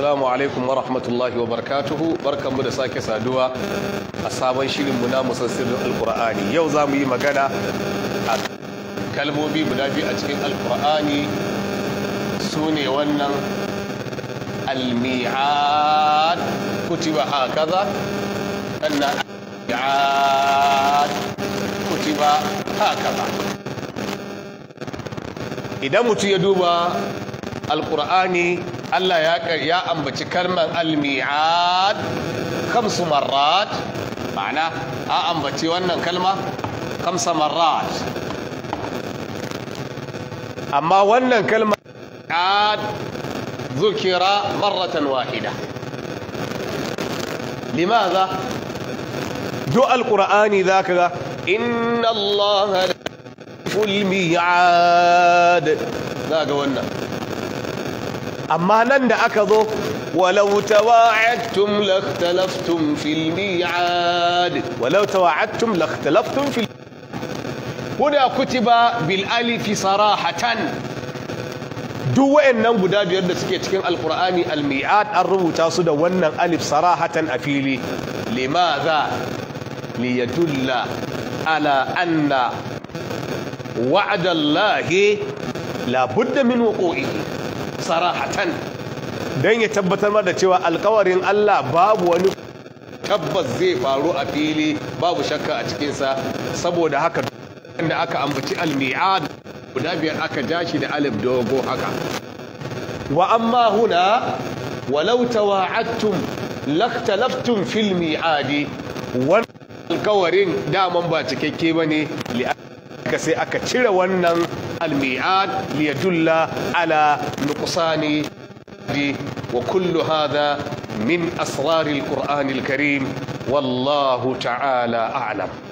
Assalamu alaikum wa rahmatullahi wa barakatuhu barkanmu da sake saduwa a sabon shirin na musassirin alkur'ani yau za mu yi magana a kalmomi guda biyu a cikin alkur'ani su ne wannan almi'ad kutiba hakaza sannan almi'ad kutiba hakaza idan mutum ya duba القرآني الله يا يا امبتي كلمة الميعاد خمس مرات معناه امبتي آه وأن كلمة خمس مرات أما وأن كلمة عاد ذكر مرة واحدة لماذا؟ دو القرآن ذاك إن الله الميعاد ذاك وأن أما نن أكذو ولو تواعدتم لاختلفتم في الميعاد ولو تواعدتم لاختلفتم في الميعاد هنا كتب بالالف صراحة دو إن نم بدأ بيدرس كتكن القرآن الميعاد الرب تاسد ون ألف صراحة أفيلي لماذا ليدل على أن وعد الله لا بد من وقوعه sarahatan don ya tabbatar ma da cewa alkawarin Allah babu wani tabbas zai faru a fili babu shakka a cikinsa saboda haka da aka ambaci almi'ad guda biyar aka ja shi da alif dogo haka wa amma huna walau tawa'attum laktalaftum fil mi'adi wannan alkawarin daman ba cikakke bane aka sai aka cire wannan الميعاد ليدل على نقصان وكل هذا من أسرار القرآن الكريم والله تعالى أعلم